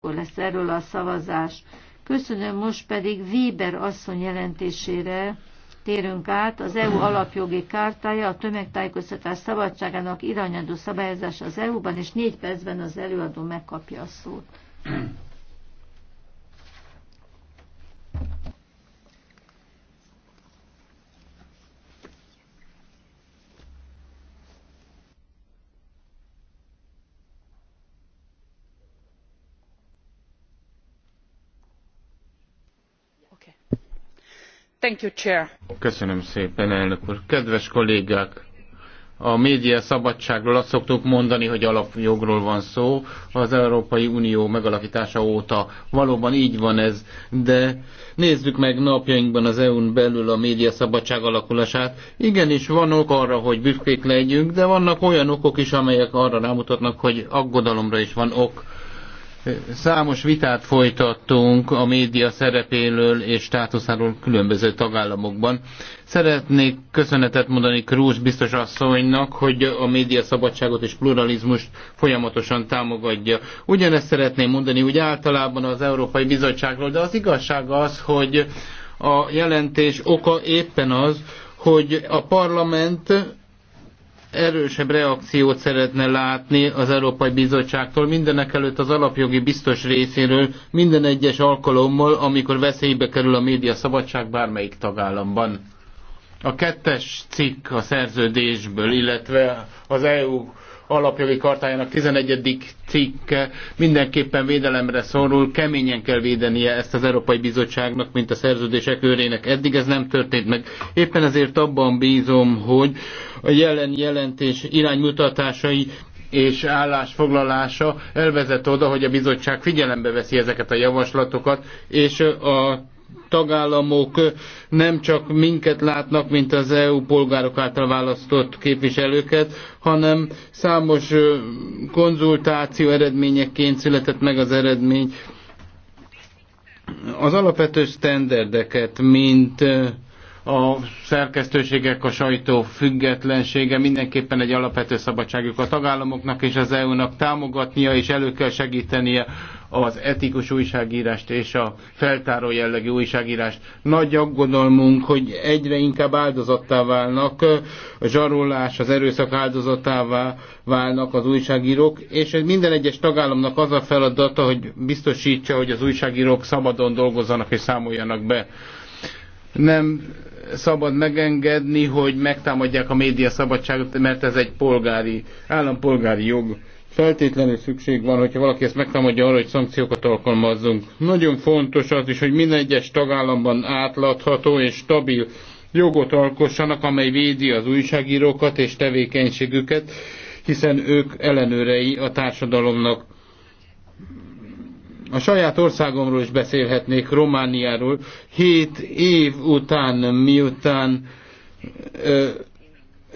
akkor lesz erről a szavazás. Köszönöm, most pedig Weber asszony jelentésére térünk át. Az EU alapjogi kártája a tömegtájékoztatás szabadságának irányadó szabályozás az EU-ban, és négy percben az előadó megkapja a szót. Köszönöm szépen, elnök úr. Kedves kollégák, a média szabadságról azt szoktuk mondani, hogy alapjogról van szó az Európai Unió megalakítása óta. Valóban így van ez, de nézzük meg napjainkban az EU-n belül a média szabadság alakulását. Igenis van ok arra, hogy büszkék legyünk, de vannak olyan okok is, amelyek arra rámutatnak, hogy aggodalomra is van ok Számos vitát folytattunk a média szerepéről és státuszáról különböző tagállamokban. Szeretnék köszönetet mondani Krúz biztos asszonynak, hogy a média szabadságot és pluralizmust folyamatosan támogatja. Ugyanezt szeretném mondani úgy általában az Európai Bizottságról, de az igazság az, hogy a jelentés oka éppen az, hogy a parlament erősebb reakciót szeretne látni az Európai Bizottságtól, mindenek előtt az alapjogi biztos részéről, minden egyes alkalommal, amikor veszélybe kerül a média szabadság bármelyik tagállamban. A kettes cikk a szerződésből, illetve az EU alapjogi kartájának 11. cikke mindenképpen védelemre szorul, keményen kell védenie ezt az Európai Bizottságnak, mint a szerződések őrének. Eddig ez nem történt meg. Éppen ezért abban bízom, hogy a jelen jelentés iránymutatásai és állásfoglalása elvezet oda, hogy a bizottság figyelembe veszi ezeket a javaslatokat, és a tagállamok nem csak minket látnak, mint az EU polgárok által választott képviselőket, hanem számos konzultáció eredményeként született meg az eredmény. Az alapvető sztenderdeket, mint a szerkesztőségek, a sajtó függetlensége mindenképpen egy alapvető szabadságuk a tagállamoknak és az EU-nak támogatnia és elő kell segítenie az etikus újságírást és a feltáró jellegű újságírást. Nagy aggodalmunk, hogy egyre inkább áldozattá válnak, a zsarolás, az erőszak áldozatává válnak az újságírók, és minden egyes tagállamnak az a feladata, hogy biztosítsa, hogy az újságírók szabadon dolgozzanak és számoljanak be. Nem szabad megengedni, hogy megtámadják a média szabadságot, mert ez egy polgári, állampolgári jog feltétlenül szükség van, hogyha valaki ezt megtámadja arra, hogy szankciókat alkalmazzunk. Nagyon fontos az is, hogy minden egyes tagállamban átlátható és stabil jogot alkossanak, amely védi az újságírókat és tevékenységüket, hiszen ők ellenőrei a társadalomnak. A saját országomról is beszélhetnék, Romániáról. Hét év után, miután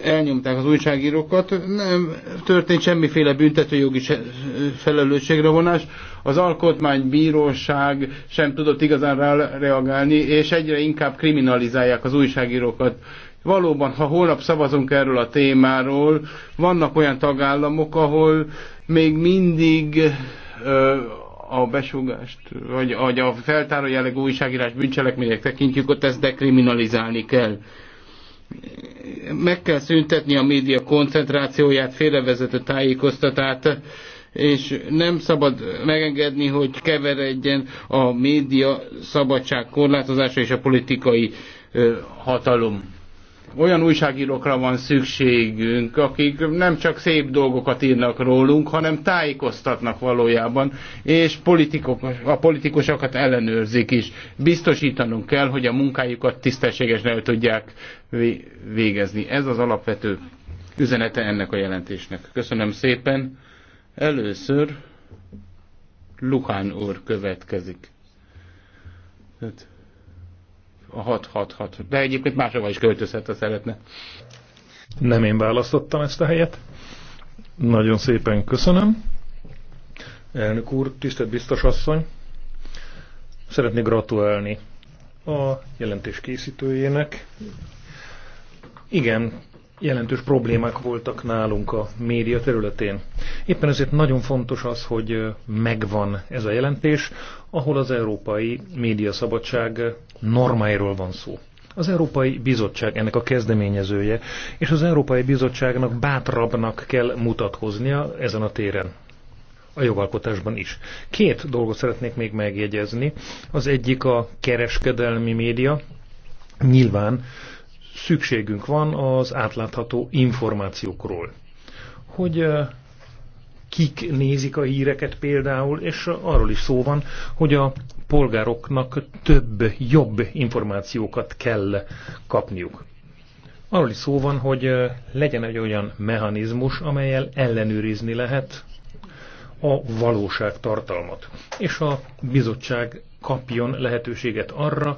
elnyomták az újságírókat, nem történt semmiféle büntetőjogi felelősségre vonás, az alkotmánybíróság sem tudott igazán rá reagálni, és egyre inkább kriminalizálják az újságírókat. Valóban, ha holnap szavazunk erről a témáról, vannak olyan tagállamok, ahol még mindig ö, a besugást, vagy, vagy a feltáró jellegű újságírás bűncselekmények tekintjük, ott ezt dekriminalizálni kell meg kell szüntetni a média koncentrációját, félrevezető tájékoztatát, és nem szabad megengedni, hogy keveredjen a média szabadság korlátozása és a politikai hatalom olyan újságírókra van szükségünk, akik nem csak szép dolgokat írnak rólunk, hanem tájékoztatnak valójában, és politikok, a politikusokat ellenőrzik is. Biztosítanunk kell, hogy a munkájukat tisztességesen el tudják végezni. Ez az alapvető üzenete ennek a jelentésnek. Köszönöm szépen. Először Luhán úr következik. Hát a 666. De egyébként máshova is költözhet, ha szeretne. Nem én választottam ezt a helyet. Nagyon szépen köszönöm. Elnök úr, tisztelt biztos asszony. Szeretnék gratulálni a jelentés készítőjének. Igen, jelentős problémák voltak nálunk a média területén. Éppen ezért nagyon fontos az, hogy megvan ez a jelentés, ahol az európai médiaszabadság normáiról van szó. Az Európai Bizottság ennek a kezdeményezője, és az Európai Bizottságnak bátrabbnak kell mutatkoznia ezen a téren a jogalkotásban is. Két dolgot szeretnék még megjegyezni. Az egyik a kereskedelmi média. Nyilván szükségünk van az átlátható információkról. Hogy kik nézik a híreket például, és arról is szó van, hogy a polgároknak több, jobb információkat kell kapniuk. Arról is szó van, hogy legyen egy olyan mechanizmus, amelyel ellenőrizni lehet a valóság tartalmat. És a bizottság kapjon lehetőséget arra,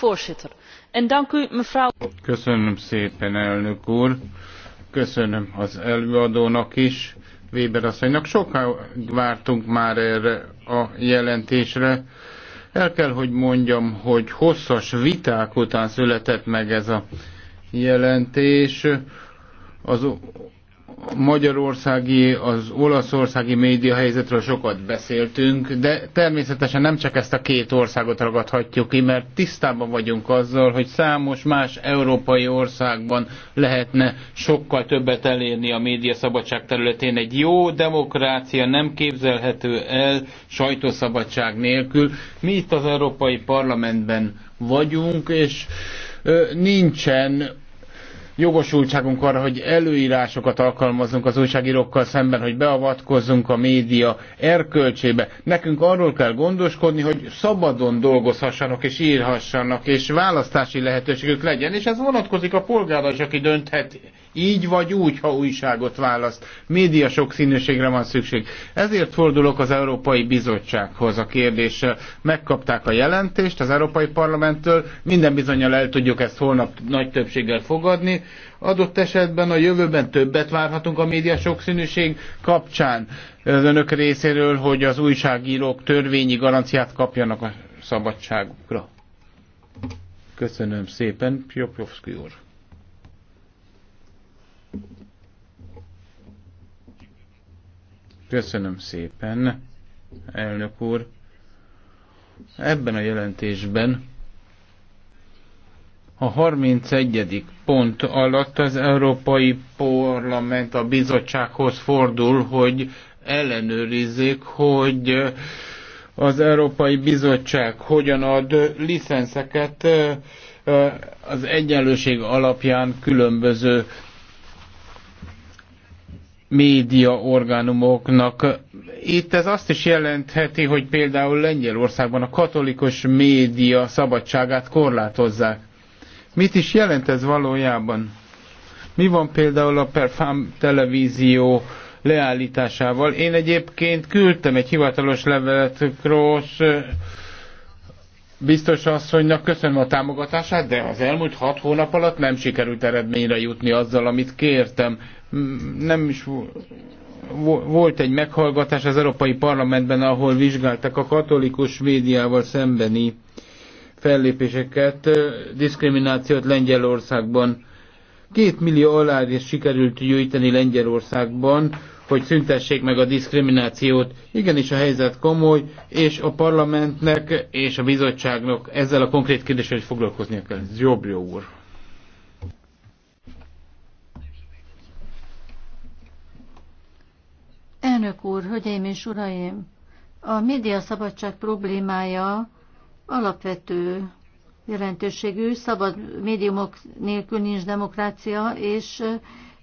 voorzitter köszönöm szépen elnök úr köszönöm az előadónak is weber asszonynak sokáig vártunk már erre a jelentésre el kell hogy mondjam hogy hosszas viták után született meg ez a jelentés az magyarországi, az olaszországi média helyzetről sokat beszéltünk, de természetesen nem csak ezt a két országot ragadhatjuk ki, mert tisztában vagyunk azzal, hogy számos más európai országban lehetne sokkal többet elérni a média szabadság területén. Egy jó demokrácia nem képzelhető el sajtószabadság nélkül. Mi itt az Európai Parlamentben vagyunk, és nincsen jogosultságunk arra, hogy előírásokat alkalmazunk az újságírókkal szemben, hogy beavatkozzunk a média erkölcsébe. Nekünk arról kell gondoskodni, hogy szabadon dolgozhassanak és írhassanak, és választási lehetőségük legyen, és ez vonatkozik a polgára is, aki dönthet így vagy úgy, ha újságot választ. Média sok színűségre van szükség. Ezért fordulok az Európai Bizottsághoz a kérdéssel. Megkapták a jelentést az Európai Parlamenttől, minden bizonyal el tudjuk ezt holnap nagy többséggel fogadni. Adott esetben a jövőben többet várhatunk a média sokszínűség kapcsán az önök részéről, hogy az újságírók törvényi garanciát kapjanak a szabadságukra. Köszönöm szépen, Pjopjovszki úr. Köszönöm szépen, elnök úr. Ebben a jelentésben a 31. pont alatt az Európai Parlament a bizottsághoz fordul, hogy ellenőrizzék, hogy az Európai Bizottság hogyan ad licenszeket az egyenlőség alapján különböző média orgánumoknak. Itt ez azt is jelentheti, hogy például Lengyelországban a katolikus média szabadságát korlátozzák. Mit is jelent ez valójában? Mi van például a Perfám televízió leállításával? Én egyébként küldtem egy hivatalos levelet Kross eh, biztos asszonynak köszönöm a támogatását, de az elmúlt hat hónap alatt nem sikerült eredményre jutni azzal, amit kértem nem is volt egy meghallgatás az Európai Parlamentben, ahol vizsgáltak a katolikus médiával szembeni fellépéseket, diszkriminációt Lengyelországban. Két millió aláírás sikerült gyűjteni Lengyelországban, hogy szüntessék meg a diszkriminációt. Igenis a helyzet komoly, és a parlamentnek és a bizottságnak ezzel a konkrét kérdéssel foglalkoznia kell. Jobb jó úr! Elnök úr, hölgyeim és uraim! A média szabadság problémája alapvető jelentőségű, szabad médiumok nélkül nincs demokrácia, és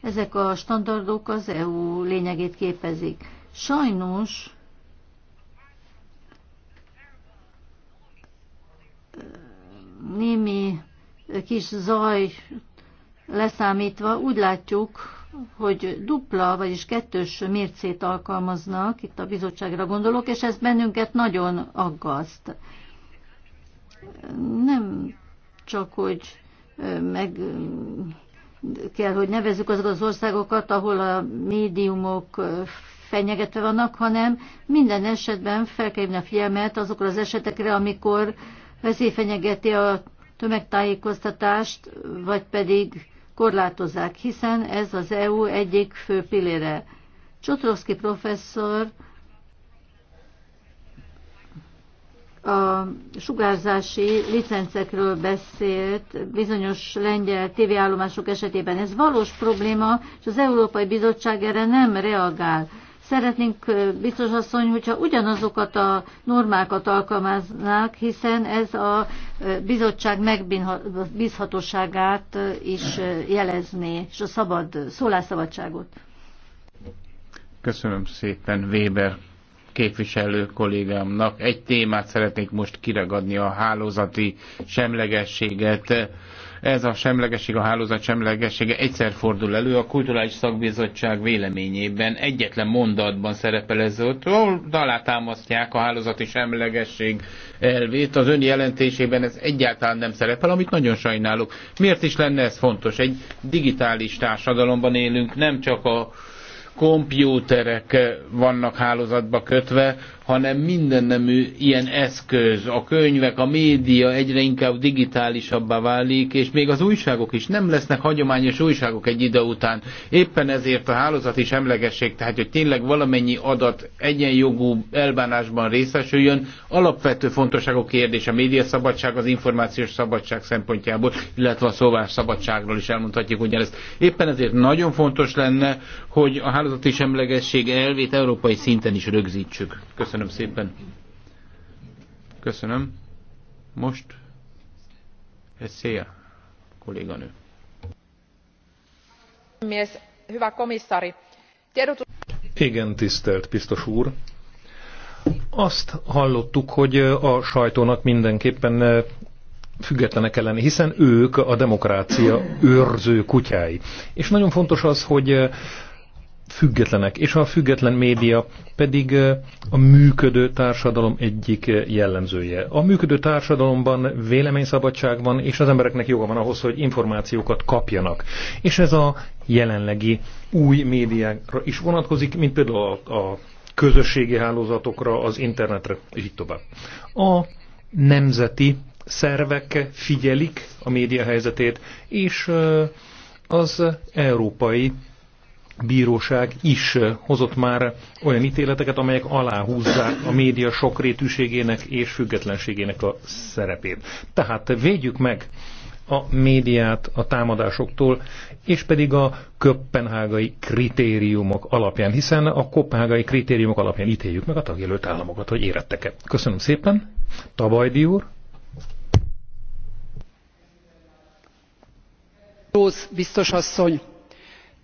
ezek a standardok az EU lényegét képezik. Sajnos némi kis zaj leszámítva úgy látjuk, hogy dupla, vagyis kettős mércét alkalmaznak, itt a bizottságra gondolok, és ez bennünket nagyon aggaszt. Nem csak, hogy meg kell, hogy nevezzük azokat az országokat, ahol a médiumok fenyegetve vannak, hanem minden esetben fel kell a figyelmet azokra az esetekre, amikor veszély fenyegeti a tömegtájékoztatást, vagy pedig korlátozzák, hiszen ez az EU egyik fő pillére. Csotroszki professzor a sugárzási licencekről beszélt bizonyos lengyel tévéállomások esetében. Ez valós probléma, és az Európai Bizottság erre nem reagál. Szeretnénk, biztos asszony, hogyha ugyanazokat a normákat alkalmaznák, hiszen ez a bizottság megbízhatóságát is jelezné, és a szabad szólásszabadságot. Köszönöm szépen Weber képviselő kollégámnak. Egy témát szeretnék most kiragadni, a hálózati semlegességet ez a semlegesség, a hálózat semlegessége egyszer fordul elő a Kulturális Szakbizottság véleményében. Egyetlen mondatban szerepel ez ott, ahol alátámasztják a hálózati semlegesség elvét. Az ön jelentésében ez egyáltalán nem szerepel, amit nagyon sajnálok. Miért is lenne ez fontos? Egy digitális társadalomban élünk, nem csak a kompjúterek vannak hálózatba kötve, hanem minden nemű ilyen eszköz, a könyvek, a média egyre inkább digitálisabbá válik, és még az újságok is nem lesznek hagyományos újságok egy idő után. Éppen ezért a hálózat is emlegesség, tehát hogy tényleg valamennyi adat egyenjogú elbánásban részesüljön, alapvető fontosságú kérdés a médiaszabadság, az információs szabadság szempontjából, illetve a szóvás szabadságról is elmondhatjuk ugyanezt. Éppen ezért nagyon fontos lenne, hogy a hálózati semlegesség elvét európai szinten is rögzítsük. Köszönöm. Köszönöm szépen. Köszönöm. Most ez szél, kolléganő. Igen, tisztelt biztos úr. Azt hallottuk, hogy a sajtónak mindenképpen függetlenek kell hiszen ők a demokrácia őrző kutyái. És nagyon fontos az, hogy függetlenek, és a független média pedig a működő társadalom egyik jellemzője. A működő társadalomban véleményszabadság van, és az embereknek joga van ahhoz, hogy információkat kapjanak. És ez a jelenlegi új médiákra is vonatkozik, mint például a, a közösségi hálózatokra, az internetre, és így tovább. A nemzeti szervek figyelik a média helyzetét, és az európai bíróság is eh, hozott már olyan ítéleteket, amelyek aláhúzzák a média sokrétűségének és függetlenségének a szerepét. Tehát védjük meg a médiát a támadásoktól, és pedig a köppenhágai kritériumok alapján, hiszen a Köppenhágai kritériumok alapján ítéljük meg a tagjelölt államokat, hogy érettek-e. Köszönöm szépen, Tabajdi úr. Rósz biztos asszony,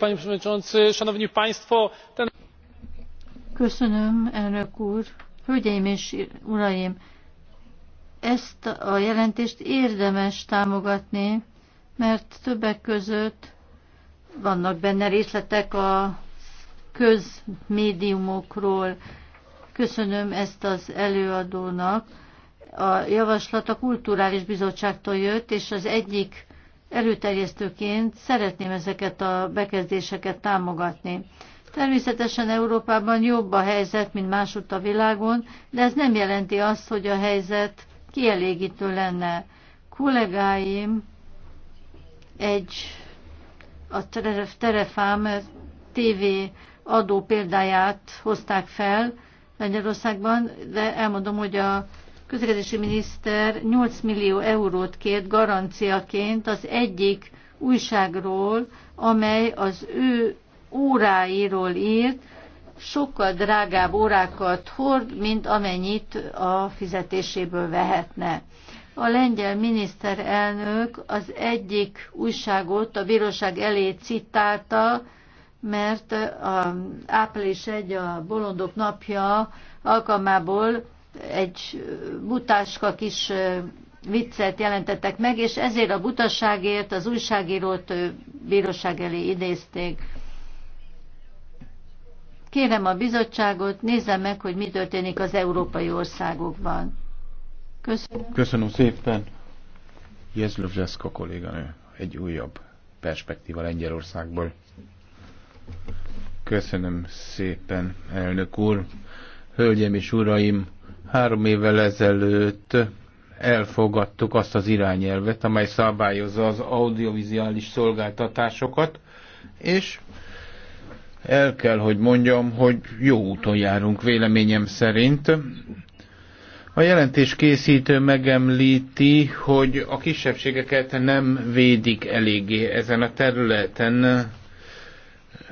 panie przewodniczący! szanowni państwo! köszönöm elnök úr hölgyeim és uraim! ezt a jelentést érdemes támogatni mert többek között vannak benne részletek a közmédiumokról. Köszönöm ezt az előadónak. A javaslat a Kulturális Bizottságtól jött, és az egyik előterjesztőként szeretném ezeket a bekezdéseket támogatni. Természetesen Európában jobb a helyzet, mint másutt a világon, de ez nem jelenti azt, hogy a helyzet kielégítő lenne. Kollégáim egy a Terefám TV adó példáját hozták fel Magyarországban, de elmondom, hogy a közlekedési miniszter 8 millió eurót kért garanciaként az egyik újságról, amely az ő óráiról írt, sokkal drágább órákat hord, mint amennyit a fizetéséből vehetne. A lengyel miniszterelnök az egyik újságot a bíróság elé citálta, mert április 1 a Bolondok napja alkalmából egy butáska kis viccet jelentettek meg, és ezért a butaságért az újságírót bíróság elé idézték. Kérem a bizottságot, nézze meg, hogy mi történik az európai országokban. Köszönöm. Köszönöm szépen. Jezlöv Zseszka kolléganő, egy újabb perspektíva Lengyelországból. Köszönöm szépen, elnök úr. Hölgyem és uraim, Három évvel ezelőtt elfogadtuk azt az irányelvet, amely szabályozza az audiovizuális szolgáltatásokat, és el kell, hogy mondjam, hogy jó úton járunk véleményem szerint. A jelentés készítő megemlíti, hogy a kisebbségeket nem védik eléggé ezen a területen,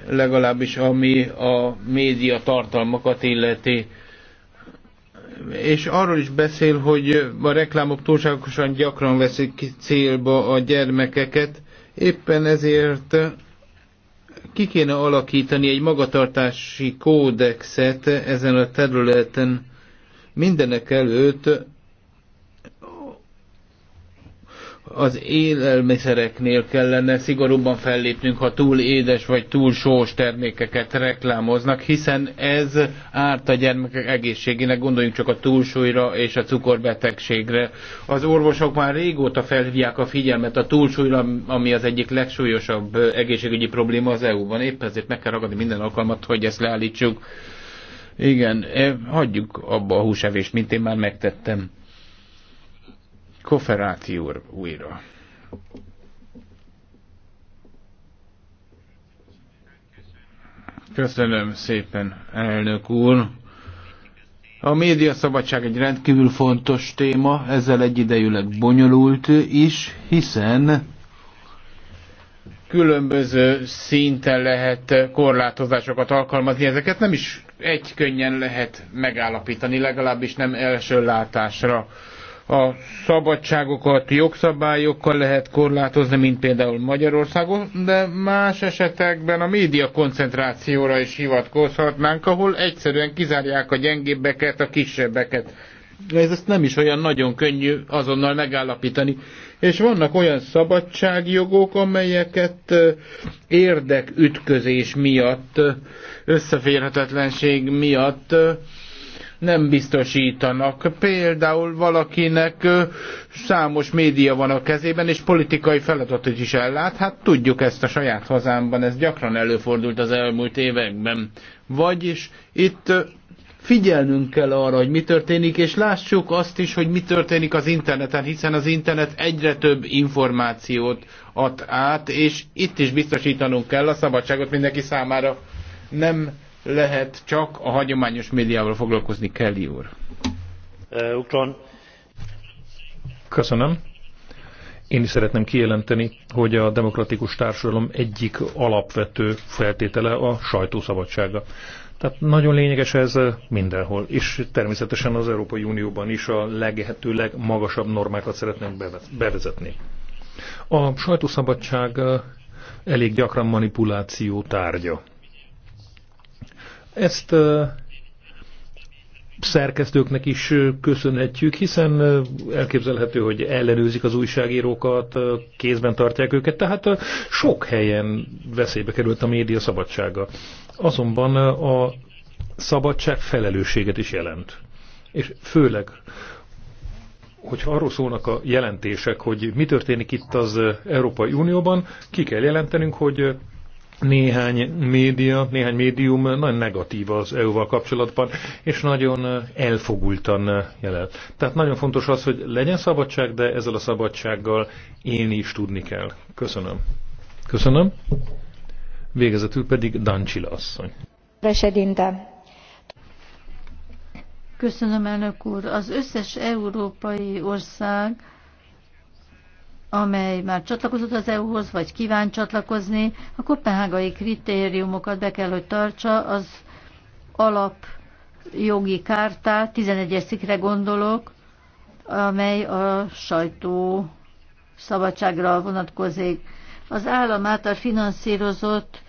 legalábbis ami a média tartalmakat illeti és arról is beszél, hogy a reklámok túlságosan gyakran veszik ki célba a gyermekeket, éppen ezért ki kéne alakítani egy magatartási kódexet ezen a területen mindenek előtt az élelmiszereknél kellene szigorúbban fellépnünk, ha túl édes vagy túl sós termékeket reklámoznak, hiszen ez árt a gyermekek egészségének, gondoljunk csak a túlsúlyra és a cukorbetegségre. Az orvosok már régóta felhívják a figyelmet a túlsúlyra, ami az egyik legsúlyosabb egészségügyi probléma az EU-ban. Épp ezért meg kell ragadni minden alkalmat, hogy ezt leállítsuk. Igen, eh, hagyjuk abba a húsevést, mint én már megtettem. Koferáti úr újra. Köszönöm szépen, elnök úr. A szabadság egy rendkívül fontos téma, ezzel egyidejűleg bonyolult is, hiszen különböző szinten lehet korlátozásokat alkalmazni, ezeket nem is egy könnyen lehet megállapítani, legalábbis nem első látásra a szabadságokat jogszabályokkal lehet korlátozni, mint például Magyarországon, de más esetekben a média koncentrációra is hivatkozhatnánk, ahol egyszerűen kizárják a gyengébbeket, a kisebbeket. Ez ezt nem is olyan nagyon könnyű azonnal megállapítani. És vannak olyan szabadságjogok, amelyeket érdekütközés miatt, összeférhetetlenség miatt nem biztosítanak. Például valakinek számos média van a kezében, és politikai feladatot is ellát. Hát tudjuk ezt a saját hazámban, ez gyakran előfordult az elmúlt években. Vagyis itt figyelnünk kell arra, hogy mi történik, és lássuk azt is, hogy mi történik az interneten, hiszen az internet egyre több információt ad át, és itt is biztosítanunk kell a szabadságot mindenki számára. Nem lehet csak a hagyományos médiával foglalkozni Kelly úr. Köszönöm. Én is szeretném kijelenteni, hogy a demokratikus társadalom egyik alapvető feltétele a sajtószabadsága. Tehát nagyon lényeges ez mindenhol, és természetesen az Európai Unióban is a lehető legmagasabb normákat szeretnénk bevezetni. A sajtószabadság elég gyakran manipuláció tárgya. Ezt szerkesztőknek is köszönhetjük, hiszen elképzelhető, hogy ellenőrzik az újságírókat, kézben tartják őket, tehát sok helyen veszélybe került a média szabadsága. Azonban a szabadság felelősséget is jelent. És főleg, hogyha arról szólnak a jelentések, hogy mi történik itt az Európai Unióban, ki kell jelentenünk, hogy néhány média, néhány médium nagyon negatív az EU-val kapcsolatban, és nagyon elfogultan jelent. Tehát nagyon fontos az, hogy legyen szabadság, de ezzel a szabadsággal élni is tudni kell. Köszönöm. Köszönöm. Végezetül pedig Dancsila asszony. Președinte. Köszönöm, elnök úr. Az összes európai ország amely már csatlakozott az EU-hoz, vagy kíván csatlakozni, a kopenhágai kritériumokat be kell, hogy tartsa, az alap jogi kártát, 11 szikre gondolok, amely a sajtó szabadságra vonatkozik. Az állam által finanszírozott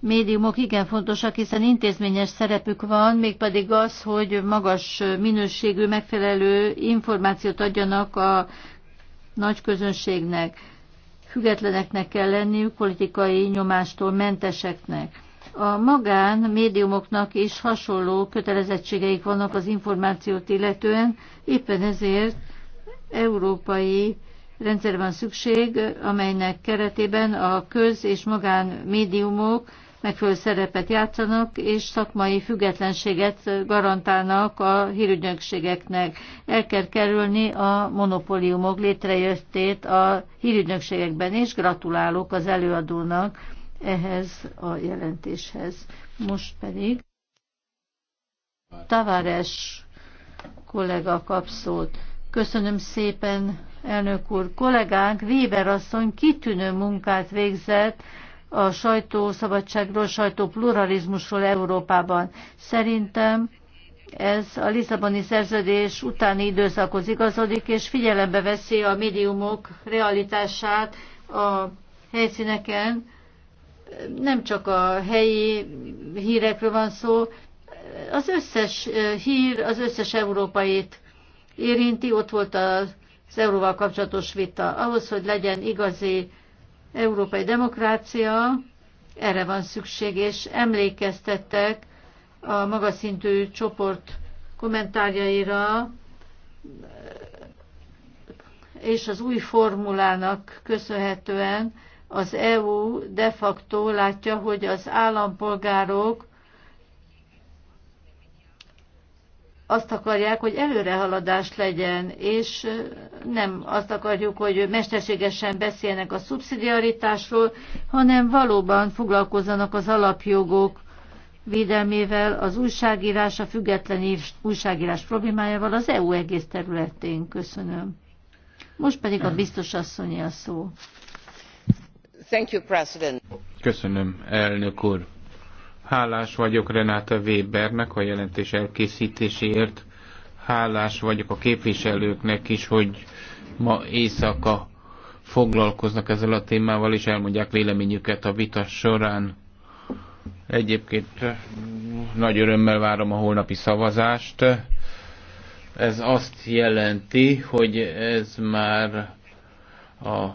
médiumok igen fontosak, hiszen intézményes szerepük van, mégpedig az, hogy magas minőségű, megfelelő információt adjanak a nagy közönségnek, függetleneknek kell lenniük, politikai nyomástól menteseknek. A magán médiumoknak is hasonló kötelezettségeik vannak az információt illetően, éppen ezért európai rendszer van szükség, amelynek keretében a köz- és magán médiumok megfelelő szerepet játszanak, és szakmai függetlenséget garantálnak a hírügynökségeknek. El kell kerülni a monopóliumok létrejöttét a hírügynökségekben, és gratulálok az előadónak ehhez a jelentéshez. Most pedig Tavares kollega kap szót. Köszönöm szépen, elnök úr. Kollégánk Weber asszony kitűnő munkát végzett, a sajtószabadságról, sajtópluralizmusról Európában. Szerintem ez a Lisszaboni szerződés utáni időszakhoz igazodik, és figyelembe veszi a médiumok realitását a helyszíneken. Nem csak a helyi hírekről van szó, az összes hír az összes európait érinti, ott volt az euróval kapcsolatos vita. Ahhoz, hogy legyen igazi európai demokrácia, erre van szükség, és emlékeztettek a magaszintű csoport kommentárjaira, és az új formulának köszönhetően az EU de facto látja, hogy az állampolgárok azt akarják, hogy előrehaladás legyen, és nem azt akarjuk, hogy mesterségesen beszélnek a szubszidiaritásról, hanem valóban foglalkozzanak az alapjogok védelmével, az újságírás, a független újságírás problémájával az EU egész területén. Köszönöm. Most pedig a biztos asszonyi a szó. Thank you, President. Köszönöm, elnök úr. Hálás vagyok Renáta Webernek a jelentés elkészítéséért. Hálás vagyok a képviselőknek is, hogy ma éjszaka foglalkoznak ezzel a témával, és elmondják véleményüket a vita során. Egyébként nagy örömmel várom a holnapi szavazást. Ez azt jelenti, hogy ez már a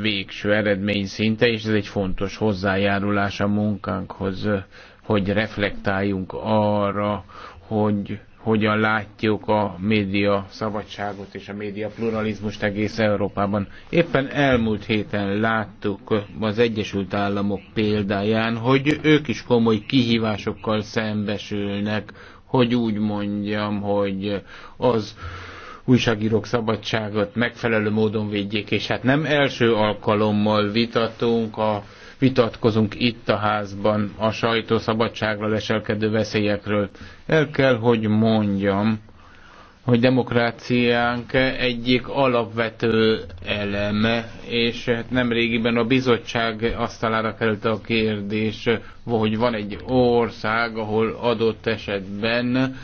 végső eredmény szinte, és ez egy fontos hozzájárulás a munkánkhoz, hogy reflektáljunk arra, hogy hogyan látjuk a média szabadságot és a média pluralizmust egész Európában. Éppen elmúlt héten láttuk az Egyesült Államok példáján, hogy ők is komoly kihívásokkal szembesülnek, hogy úgy mondjam, hogy az újságírók szabadságot megfelelő módon védjék, és hát nem első alkalommal vitatunk a vitatkozunk itt a házban a szabadságra leselkedő veszélyekről. El kell, hogy mondjam, hogy demokráciánk egyik alapvető eleme, és hát nem régiben a bizottság asztalára került a kérdés, hogy van egy ország, ahol adott esetben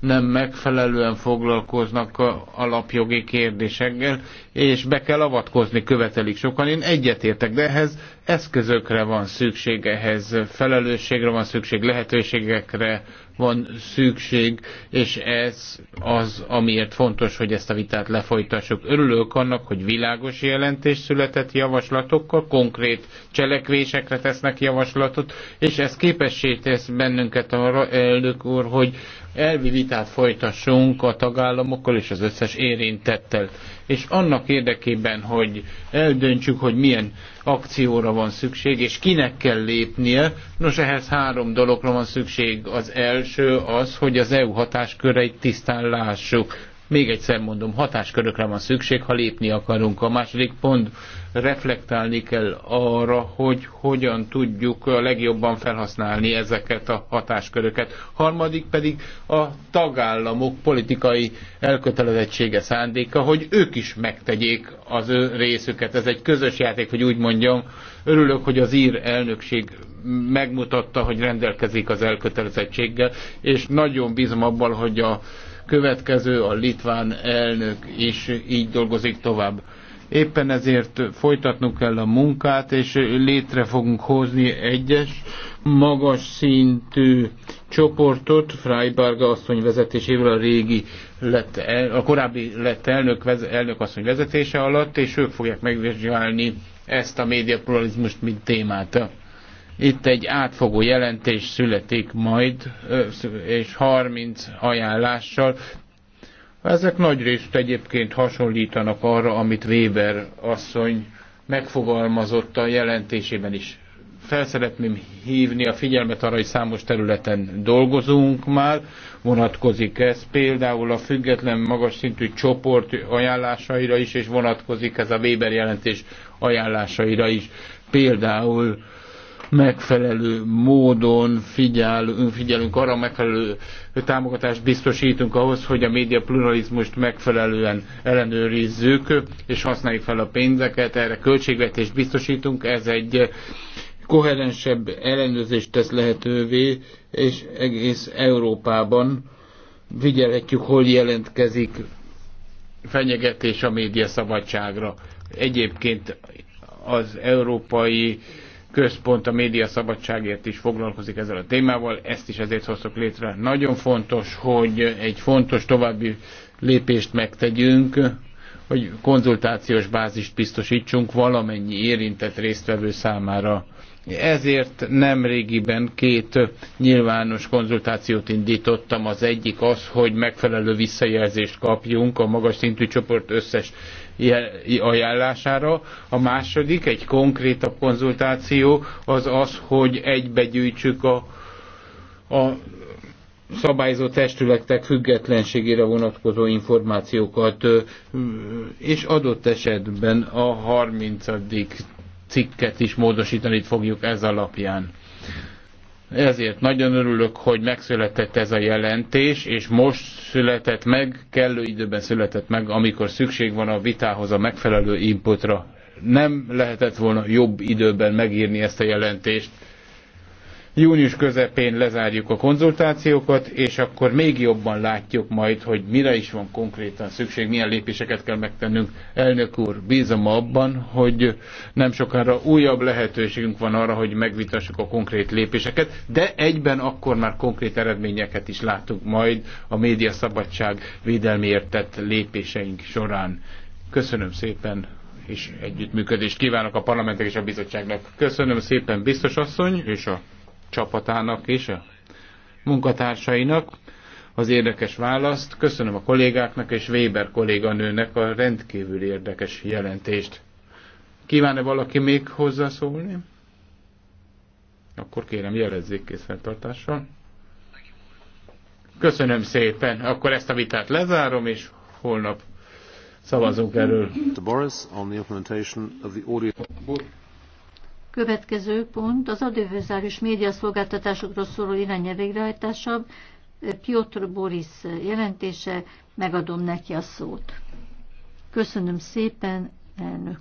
nem megfelelően foglalkoznak a alapjogi kérdésekkel, és be kell avatkozni, követelik sokan. Én egyetértek, de ehhez eszközökre van szükség, ehhez felelősségre van szükség, lehetőségekre van szükség, és ez az, amiért fontos, hogy ezt a vitát lefolytassuk. Örülök annak, hogy világos jelentés született javaslatokkal, konkrét cselekvésekre tesznek javaslatot, és ez képessé tesz bennünket arra, elnök úr, hogy elvi vitát folytassunk a tagállamokkal és az összes érintettel, és annak érdekében, hogy eldöntsük, hogy milyen akcióra van szükség, és kinek kell lépnie. Nos, ehhez három dologra van szükség. Az első az, hogy az EU hatásköreit tisztán lássuk. Még egyszer mondom, hatáskörökre van szükség, ha lépni akarunk. A második pont reflektálni kell arra, hogy hogyan tudjuk legjobban felhasználni ezeket a hatásköröket. Harmadik pedig a tagállamok politikai elkötelezettsége szándéka, hogy ők is megtegyék az ő részüket. Ez egy közös játék, hogy úgy mondjam. Örülök, hogy az ír elnökség megmutatta, hogy rendelkezik az elkötelezettséggel, és nagyon bízom abban, hogy a következő, a litván elnök is így dolgozik tovább. Éppen ezért folytatnunk kell a munkát, és létre fogunk hozni egyes magas szintű csoportot, Freiberg asszony vezetésével a régi lett el, a korábbi lett elnök, elnök asszony vezetése alatt, és ők fogják megvizsgálni ezt a médiapluralizmust, mint témát. Itt egy átfogó jelentés születik majd, és 30 ajánlással ezek nagy részt egyébként hasonlítanak arra, amit Weber asszony megfogalmazott a jelentésében is. Felszeretném hívni a figyelmet arra, hogy számos területen dolgozunk már, vonatkozik ez például a független magas szintű csoport ajánlásaira is, és vonatkozik ez a Weber jelentés ajánlásaira is. Például megfelelő módon figyel, figyelünk arra, megfelelő támogatást biztosítunk ahhoz, hogy a média pluralizmust megfelelően ellenőrizzük, és használjuk fel a pénzeket, erre költségvetést biztosítunk, ez egy koherensebb ellenőrzést tesz lehetővé, és egész Európában figyelhetjük, hol jelentkezik fenyegetés a média szabadságra. Egyébként az európai központ a média szabadságért is foglalkozik ezzel a témával, ezt is ezért hoztok létre. Nagyon fontos, hogy egy fontos további lépést megtegyünk, hogy konzultációs bázist biztosítsunk valamennyi érintett résztvevő számára ezért nemrégiben két nyilvános konzultációt indítottam. Az egyik az, hogy megfelelő visszajelzést kapjunk a magas szintű csoport összes ajánlására. A második, egy konkrétabb konzultáció az az, hogy egybegyűjtsük a, a szabályzó testületek függetlenségére vonatkozó információkat, és adott esetben a 30 cikket is módosítani fogjuk ez alapján. Ezért nagyon örülök, hogy megszületett ez a jelentés, és most született meg, kellő időben született meg, amikor szükség van a vitához a megfelelő inputra. Nem lehetett volna jobb időben megírni ezt a jelentést. Június közepén lezárjuk a konzultációkat, és akkor még jobban látjuk majd, hogy mire is van konkrétan szükség, milyen lépéseket kell megtennünk. Elnök úr, bízom abban, hogy nem sokára újabb lehetőségünk van arra, hogy megvitassuk a konkrét lépéseket, de egyben akkor már konkrét eredményeket is látunk majd a média szabadság védelmiért tett lépéseink során. Köszönöm szépen, és együttműködést kívánok a parlamentek és a bizottságnak. Köszönöm szépen, biztos asszony, és a csapatának és a munkatársainak az érdekes választ. Köszönöm a kollégáknak és Weber kolléganőnek a rendkívül érdekes jelentést. Kíván-e valaki még hozzászólni? Akkor kérem jelezzék készfeltartással. Köszönöm szépen. Akkor ezt a vitát lezárom, és holnap szavazunk erről. Következő pont az audiovizuális médiaszolgáltatásokról szóló irányelv végrehajtása. Piotr Boris jelentése, megadom neki a szót. Köszönöm szépen, elnök